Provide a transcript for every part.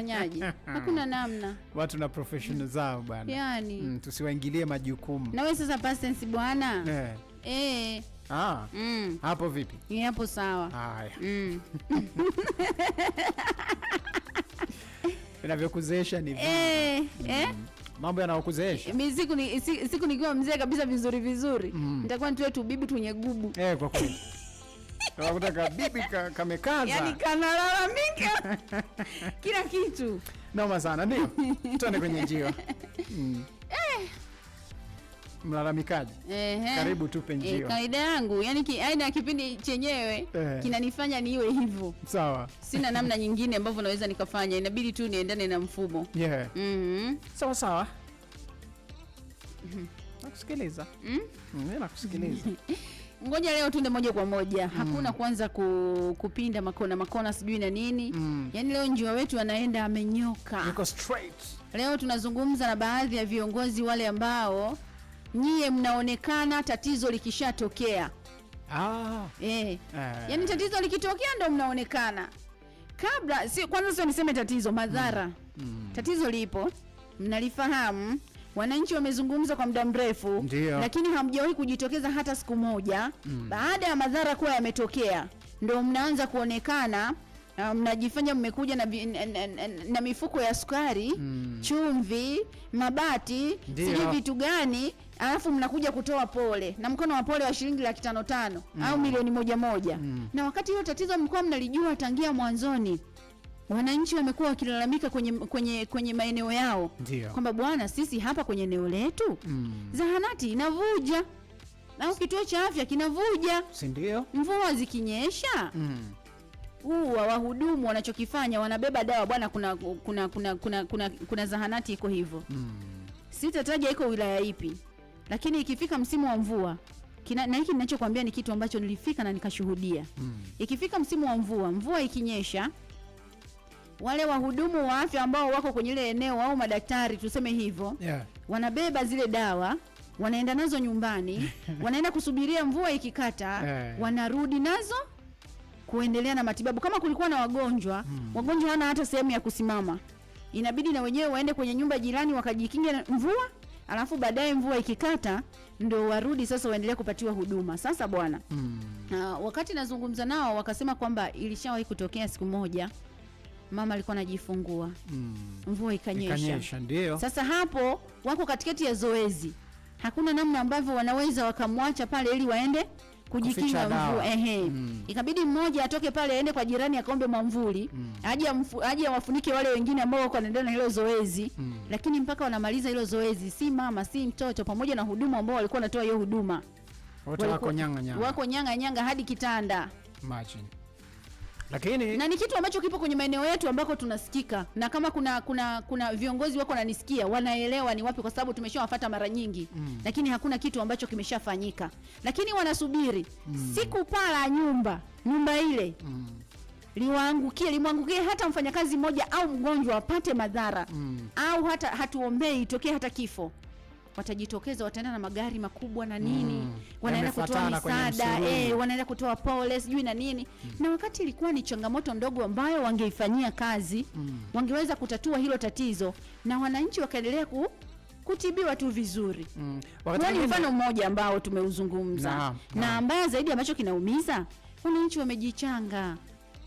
utafanyaje? Hakuna namna, watu na profession mm. zao bwana, yani mm, tusiwaingilie majukumu. Nawe sasa past bwana eh. E. Ah. Mm. Hapo vipi? Ni hapo sawa. Haya. Mm. Vinavyokuzeesha ni eh. eh, mm. eh? Mambo yanayokuzeesha. Mimi siku ni siku nikiwa mzee kabisa vizuri vizuri. Mm. Nitakuwa nitoe tu bibi tunye gubu. Eh, kwa kweli. Unakuta kabibi kamekaza, yani kanalalamika kila kitu, noma sana. Ndio tuende kwenye njiwa mm. eh. Mlalamikaji eh, karibu tupe njiwa eh, yangu yani ki, aina ya kipindi chenyewe eh. kinanifanya niwe hivyo. Sawa, sina namna nyingine ambavyo naweza nikafanya, inabidi tu niendane na mfumo yeah. mm -hmm. sawa sawa mhm. nakusikiliza mm, mm nakusikiliza ngoja leo tuende moja kwa moja mm. Hakuna kuanza ku, kupinda makona makona sijui na nini mm. Yaani leo njiwa wetu anaenda amenyoka, straight. Leo tunazungumza na baadhi ya viongozi wale ambao nyie mnaonekana tatizo likishatokea ah. E. Ah. Yaani tatizo likitokea ndo mnaonekana kabla si, kwanza sio niseme tatizo madhara mm. Mm. Tatizo lipo mnalifahamu wananchi wamezungumza kwa muda mrefu, lakini hamjawahi kujitokeza hata siku moja mm. Baada ya madhara kuwa yametokea, ndio mnaanza kuonekana mnajifanya um, mmekuja na, na, na, na, mifuko ya sukari mm. chumvi, mabati, sijui vitu gani, alafu mnakuja kutoa pole na mkono wa pole wa shilingi laki tano tano mm. au milioni moja moja mm. na wakati hiyo tatizo mkoa mnalijua tangia mwanzoni wananchi wamekuwa wakilalamika kwenye, kwenye, kwenye maeneo yao kwamba bwana, sisi hapa kwenye eneo letu mm. zahanati inavuja au kituo cha afya kinavuja, si ndio? Mvua zikinyesha mm. Uwa wahudumu wanachokifanya wanabeba dawa bwana, kuna, kuna, kuna, kuna, kuna, kuna zahanati iko hivyo mm. sitataja iko wilaya ipi, lakini ikifika msimu wa mvua kina, na hiki ninachokwambia ni kitu ambacho nilifika na nikashuhudia mm. ikifika msimu wa mvua, mvua ikinyesha wale wahudumu wa afya ambao wako kwenye ile eneo au madaktari tuseme hivyo yeah. wanabeba zile dawa wanaenda nazo nyumbani wanaenda kusubiria mvua ikikata yeah. wanarudi nazo kuendelea na matibabu. Kama kulikuwa na wagonjwa hmm. wagonjwa hana hata sehemu ya kusimama, inabidi na wenyewe waende kwenye nyumba jirani wakajikinge mvua, alafu baadaye mvua ikikata ndo warudi sasa waendelee kupatiwa huduma. Sasa bwana hmm. uh, wakati nazungumza nao wakasema kwamba ilishawahi kutokea siku moja mama alikuwa anajifungua mm. mvua ikanyesha, ikanyesha ndio. Sasa hapo wako katikati ya zoezi, hakuna namna ambavyo wanaweza wakamwacha pale ili waende kujikinga mvua ehe, mm. ikabidi mmoja atoke pale aende kwa jirani akaombe mwamvuli mm. aje aje wale wengine ambao wako wanaendelea na hilo zoezi mm. lakini mpaka wanamaliza hilo zoezi, si mama si mtoto, pamoja na huduma ambao walikuwa wanatoa hiyo huduma, wote wako nyanga nyanga, wako nyanga nyanga hadi kitanda Imagine. Lakini na ni kitu ambacho kipo kwenye maeneo yetu ambako tunasikika, na kama kuna kuna kuna viongozi wako wananisikia, wanaelewa ni wapi, kwa sababu tumeshawafuata mara nyingi mm. Lakini hakuna kitu ambacho kimeshafanyika, lakini wanasubiri mm. siku paa la nyumba nyumba ile mm. liwaangukie limwangukie hata mfanyakazi mmoja au mgonjwa apate madhara mm. au hata hatuombei itokee hata kifo watajitokeza wataenda na magari makubwa na nini mm, wanaenda kutoa misaada eh, wanaenda kutoa pole sijui na nini mm. Na wakati ilikuwa ni changamoto ndogo ambayo wangeifanyia kazi mm. Wangeweza kutatua hilo tatizo na wananchi wakaendelea ku kutibiwa tu vizuri mm. Ni mfano mmoja ambao tumeuzungumza na, na, na zaidi ambacho kinaumiza wananchi wamejichanga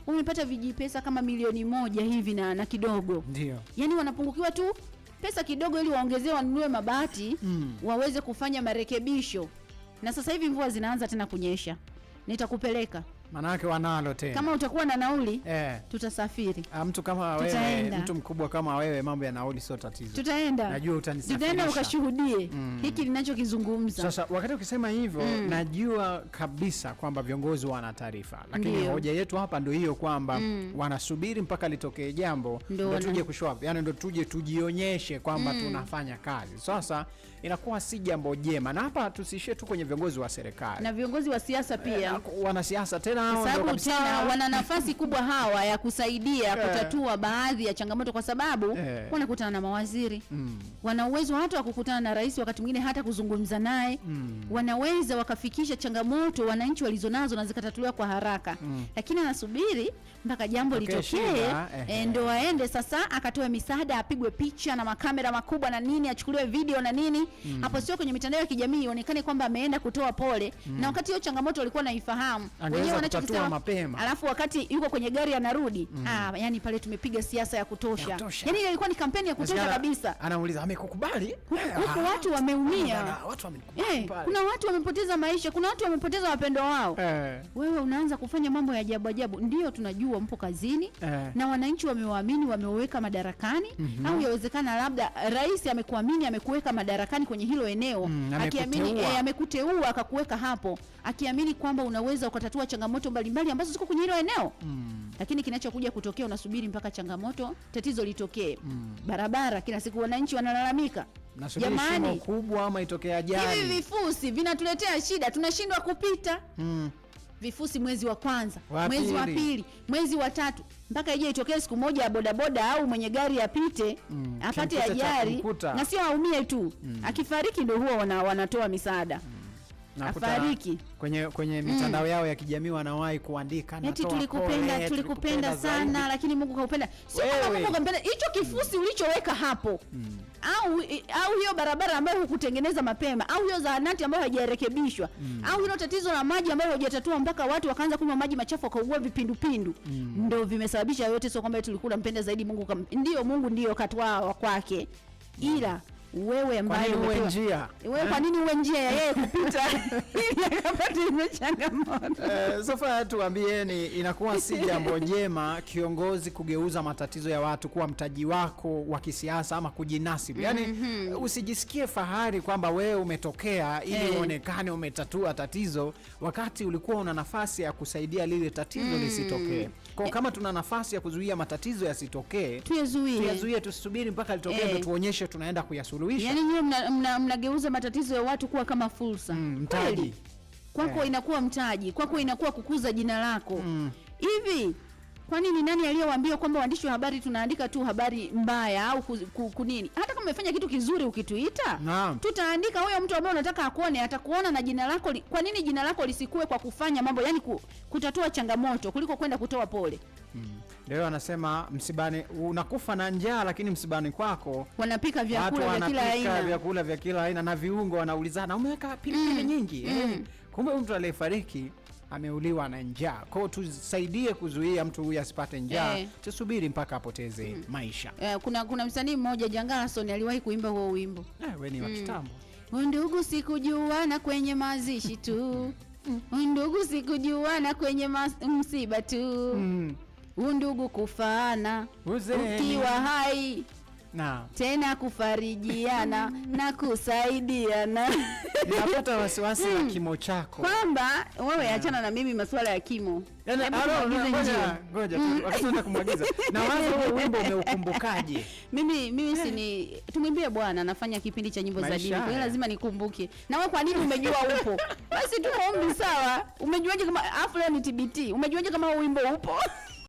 wamepata vijipesa kama milioni moja hivi na, na kidogo ndio, yaani wanapungukiwa tu pesa kidogo, ili waongezee wanunue mabati mm. waweze kufanya marekebisho. Na sasa hivi mvua zinaanza tena kunyesha, nitakupeleka Manake wanalo tena. Kama utakuwa na nauli eh, tutasafiri. Ah, mtu kama wewe, mtu mkubwa kama wewe, mambo ya nauli sio tatizo. Tutaenda. Najua utanisafirisha. Tutaenda ukashuhudie mm, hiki linachokizungumza Sasa wakati ukisema hivyo mm, najua kabisa kwamba viongozi wana taarifa, lakini hoja yetu hapa ndio hiyo kwamba mm, wanasubiri mpaka litokee jambo ndio tuje kushow up. Yaani ndio tuje tujionyeshe kwamba mm, tunafanya kazi. Sasa inakuwa si jambo jema. Na hapa tusishie tu kwenye viongozi wa serikali. Na viongozi wa siasa pia. Eh, wanasiasa tena kwa sababu tena wana nafasi kubwa hawa ya kusaidia yeah. kutatua baadhi ya changamoto kwa sababu yeah. wanakutana na mawaziri mm. wana uwezo hata wa kukutana na rais, wakati mwingine hata kuzungumza naye mm. wanaweza wakafikisha changamoto wananchi walizonazo na zikatatuliwa kwa haraka mm. lakini anasubiri mpaka jambo okay, litokee eh, eh, ndo aende sasa akatoe misaada, apigwe picha na makamera makubwa na nini, achukuliwe video na nini mm. hapo sio kwenye mitandao ya kijamii ionekane kwamba ameenda kutoa pole mm. na wakati hiyo changamoto walikuwa naifahamu wenyewe kutatua mapema, alafu wakati yuko kwenye gari anarudi mm. Ah, yani pale tumepiga siasa ya kutosha, ya kutosha. Yani ilikuwa ni kampeni ya kutosha kabisa. Anauliza amekukubali huko, eh, watu wameumia, watu eh, kuna watu wamepoteza maisha, kuna watu wamepoteza wapendwa wao eh. Wewe unaanza kufanya mambo ya ajabu ajabu. Ndio tunajua mpo kazini eh. Na wananchi wamewaamini, wameweka madarakani mm -hmm. Au yawezekana labda rais amekuamini, amekuweka madarakani kwenye hilo eneo mm, akiamini amekuteua eh, akakuweka hapo akiamini kwamba unaweza ukatatua changamoto changamoto mbalimbali ambazo ziko kwenye hilo eneo mm. Lakini kinachokuja kutokea unasubiri mpaka changamoto tatizo litokee mm. Barabara kila siku wananchi wanalalamika, jamani, kubwa ama itokea ajali, hivi vifusi vinatuletea shida, tunashindwa kupita mm. Vifusi mwezi wa kwanza, mwezi wa pili, mwezi wa tatu mpaka ije itokee siku moja ya bodaboda au mwenye gari apite mm. apate ajali na sio aumie tu mm. Akifariki ndio huwa wanatoa misaada mm afariki kwenye, kwenye mm. mitandao yao ya kijamii wanawahi kuandika eti tulikupenda, tulikupenda sana zaidi. Lakini Mungu kaupenda, sio kama Mungu kaupenda Hicho kifusi mm. ulichoweka hapo mm. au au hiyo barabara ambayo hukutengeneza mapema au hiyo zahanati ambayo haijarekebishwa mm. au hilo tatizo la maji ambayo hujatatua mpaka watu wakaanza kunywa maji machafu wakaugua vipindupindu mm. ndo vimesababisha yote, sio kwamba tulikula mpenda zaidi Mungu kam... ndio Mungu ndio katwaa kwake mm. ila wewe ambaye uwe njia wewe, kwa eh? nini uwe njia ya yeye kupita ili akapate changamoto? Eh, sofa, tuambieni, inakuwa si jambo jema kiongozi kugeuza matatizo ya watu kuwa mtaji wako wa kisiasa ama kujinasibu. Yani mhm. usijisikie fahari kwamba wewe umetokea ili eh. uonekane hey. umetatua tatizo wakati ulikuwa una nafasi ya kusaidia lile tatizo mm. lisitokee. Kwa kama tuna nafasi ya kuzuia matatizo yasitokee, tuyazuie, tuyazuie, tusubiri mpaka litokee hey. Eh. tuonyeshe tunaenda kuyasuluhisha suluhisho. Yani nyinyi mnageuza mna, mna matatizo ya watu kuwa kama fursa mm, mtaji kwako yeah. Inakuwa mtaji kwako, inakuwa kukuza jina lako mm. hivi mm. Kwa nini? Nani aliyewaambia kwamba waandishi wa habari tunaandika tu habari mbaya au kunini? Hata kama umefanya kitu kizuri ukituita, naam, tutaandika. Huyo mtu ambaye unataka akuone atakuona na jina lako. Kwa nini jina lako lisikue kwa kufanya mambo, yani kutatua changamoto kuliko kwenda kutoa pole? mm. Leo anasema msibani unakufa na njaa, lakini msibani kwako wanapika vyakula vya kila aina, vyakula vya kila aina na viungo, wanaulizana umeweka pilipili mm, nyingi mm. Eh, kumbe mtu aliyefariki ameuliwa na njaa. Kwa hiyo tusaidie kuzuia mtu huyu asipate njaa eh, tusubiri mpaka apoteze mm, maisha eh. Kuna, kuna msanii mmoja Jangarson aliwahi kuimba huo wimbo eh, wewe ni wa mm. kitambo mm. Ndugu sikujua na kwenye mazishi tu mm. ndugu sikujua na kwenye msiba tu mm undugu kufaana, ukiwa hai na tena kufarijiana na kusaidiana. Napata wasiwasi wa hmm. kimo chako kwamba wewe Achana na mimi masuala ya kimo yaani, hmm. wimbo umeukumbukaje? Mimi mimi sini tumwimbie Bwana, nafanya kipindi cha nyimbo za dini, kwa lazima nikumbuke. Na wewe kwa nini umejua upo? Basi tu ombi sawa. Umejuaje kama afu leo ni TBT? Umejuaje kama wimbo upo?